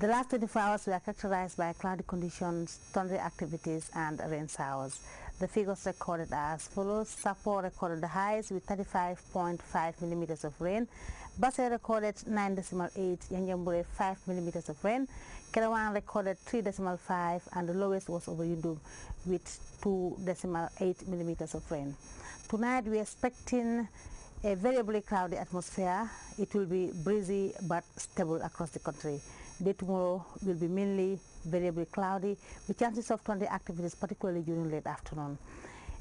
The last 24 hours were characterized by cloudy conditions, thundery activities, and rain showers. The figures recorded are as follows. Sapo recorded the highest with 35.5 millimeters of rain. Basel recorded 9.8, 5 millimeters of rain. Kerawan recorded 3.5, and the lowest was over Yundum with 2.8 millimeters of rain. Tonight we're expecting a variably cloudy atmosphere. It will be breezy but stable across the country. Day tomorrow will be mainly variably cloudy with chances of thunder activities, particularly during late afternoon.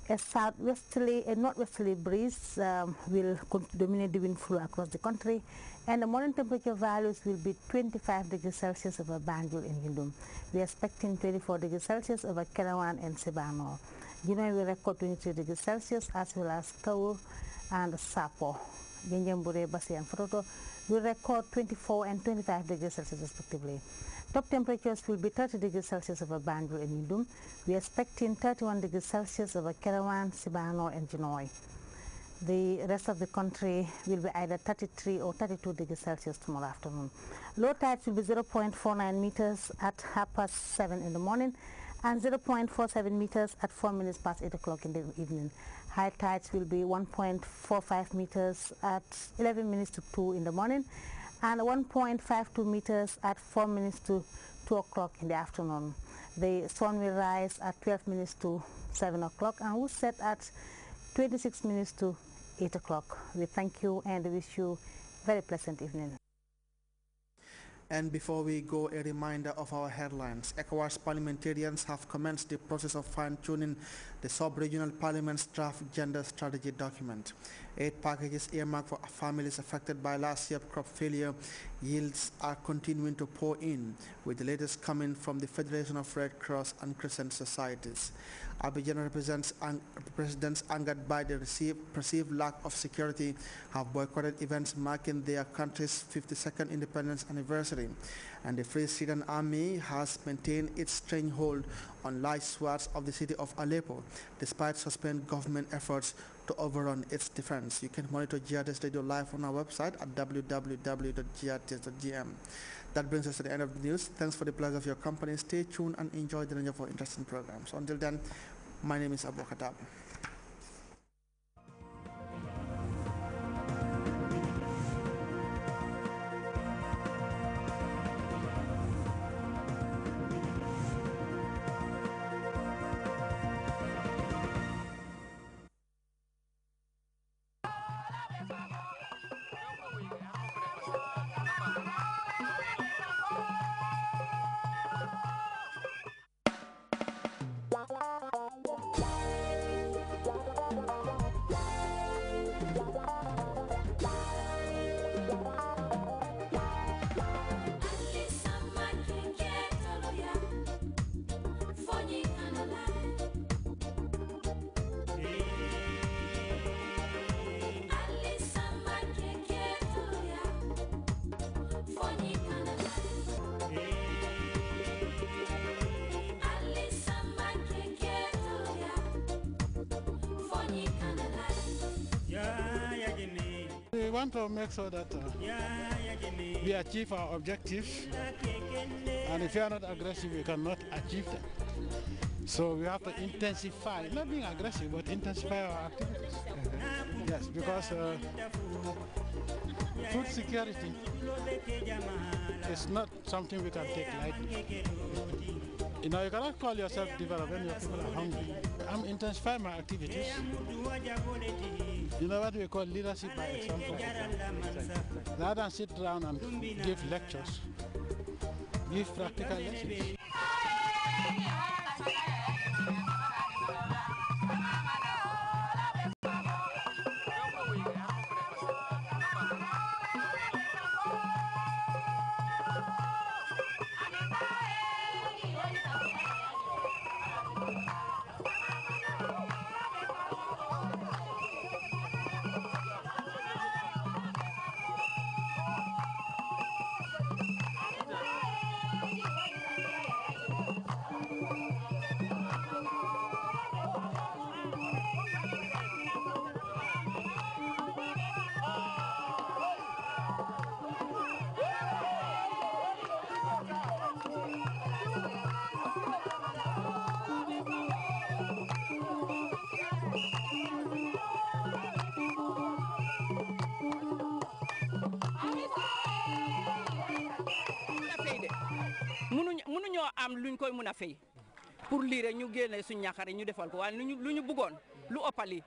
A southwesterly, a northwesterly breeze um, will dominate the wind flow across the country, and the morning temperature values will be 25 degrees Celsius over Banjul and Yindum. We are expecting 24 degrees Celsius over Kerawan and Sibano. Ginoy will record 23 degrees Celsius as well as Kaur, and Sapo, Genjambure, Basi and Froto will record 24 and 25 degrees Celsius respectively. Top temperatures will be 30 degrees Celsius over Banjul and Idum. We are expecting 31 degrees Celsius over Kerawan, Sibano and Genoa. The rest of the country will be either 33 or 32 degrees Celsius tomorrow afternoon. Low tides will be 0.49 meters at half past 7 in the morning and 0.47 meters at 4 minutes past 8 o'clock in the evening. High tides will be 1.45 meters at 11 minutes to 2 in the morning and 1.52 meters at 4 minutes to 2 o'clock in the afternoon. The sun will rise at 12 minutes to 7 o'clock and will set at 26 minutes to 8 o'clock. We thank you and wish you very pleasant evening. And before we go, a reminder of our headlines. ECOWAS parliamentarians have commenced the process of fine-tuning the sub-regional parliament's draft gender strategy document. Aid packages earmarked for families affected by last year's crop failure yields are continuing to pour in, with the latest coming from the Federation of Red Cross and Crescent Societies. Abidjan represents ang residents angered by the perceived lack of security have boycotted events marking their country's 52nd independence anniversary, and the Free Syrian Army has maintained its stranglehold on large swaths of the city of Aleppo, despite suspended government efforts to overrun its defense. You can monitor GRTS Radio live on our website at www.grts.gm. That brings us to the end of the news. Thanks for the pleasure of your company. Stay tuned and enjoy the range of our interesting programs. Until then, my name is Abu Khattab. want to make sure that uh, we achieve our objectives. And if you are not aggressive, you cannot achieve them. So we have to intensify, not being aggressive, but intensify our activities. Uh-huh. yes, because uh, food security is not something we can take lightly. You know, you cannot call yourself developed when your people are hungry. I'm intensifying my activities. You know what we call leadership by example? Rather than sit down and give lectures, give practical lessons. am luñ koy mun a fay pour lii ñu génne suñ ñaxari ñu defal ko waaye lu ñu lu ñu buggoon lu ëppali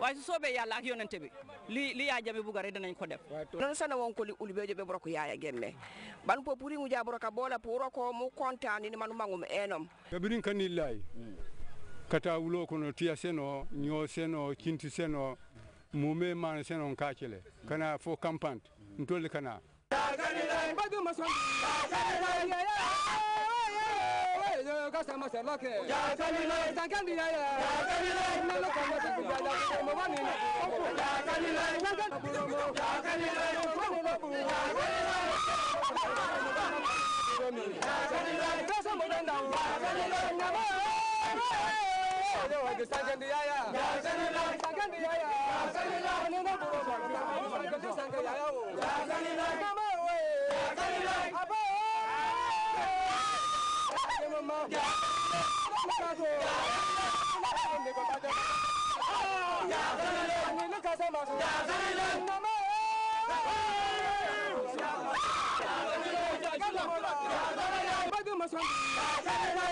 waaye su soobee yàlla ak yonente bi li li yaa jabe bugga rek danañ ko def non sana wonkoli ulɓejo ɓe ɓoroko yaya gemme ban po puri muja ɓoroka boola puro ko mu contani ni manu mangum eenom kabirin kani laay kata wuloo ko no tiya seno ñoo seno cinti seno mume mana seno kacele kana fo campante ntolli kana bagmaso ka sama serla ya kalila tankan ya ya kalila ya ya ya ya ya ya ya ya ya ya ya ya ya ya apa Yeah, yeah,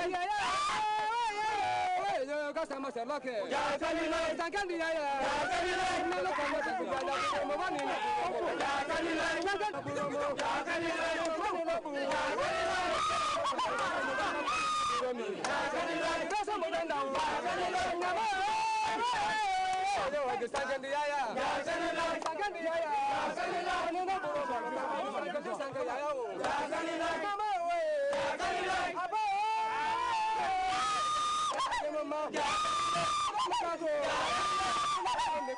yeah. kasa masalake jangan tangalila ya jakalila nalo kama sikujala kwa mabani na jakalila jakalila jakalila kasa mabanda jangan nyama Sangaliyaya, jangan Sangaliyaya, Sangaliyaya, Jangan Sangaliyaya, Sangaliyaya, mama. Ya. Kago. Ya. Ne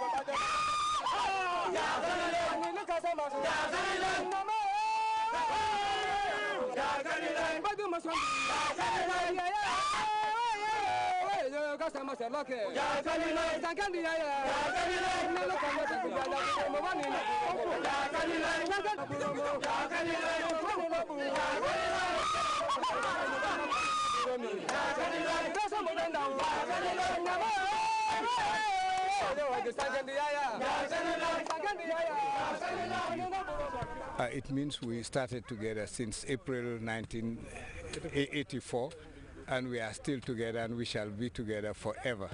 Ya zanilan. Ne ne kasa masu. Ya zanilan. Badu masu. Ya zanilan. Ya ya. Kasa masu lake. dia ya. Ya zanilan. Ne lo kanda Ya Uh, it means we started together since April 1984 and we are still together and we shall be together forever.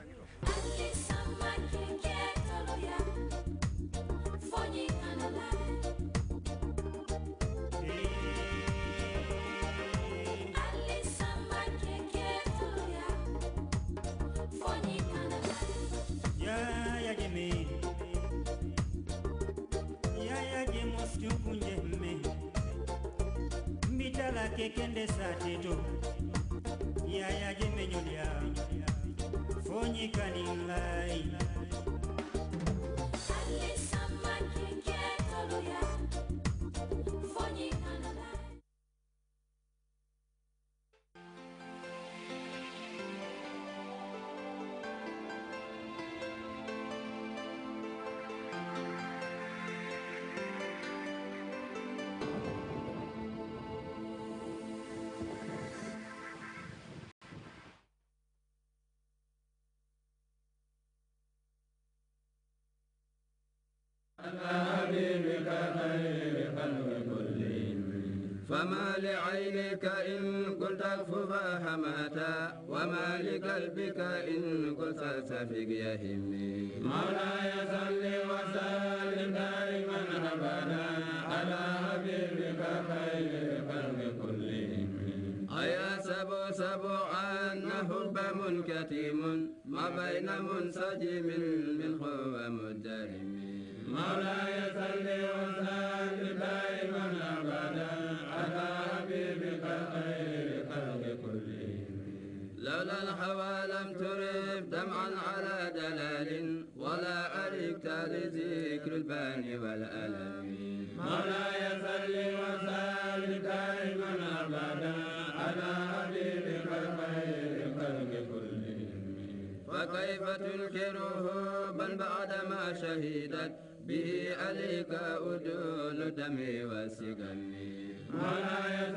kekende satito yaya jemenyolia fonyikani lai فما لعينك إن قلت اكفها ماتا وما لقلبك إن قلت سفك يهمي مولاي صل وسلم دائما أبدا على حبيبك خير الخلق كلهم أيا سبو سبو أن حب كتيم ما بين منسجم من هو مدرم مولاي الفان والألم مولاي صل وسلم دائما أبدا على حبيبك الخير خلق كلهم وكيف تنكره من بعدما شهدت به عليك أدول دمي وسقمي مولاي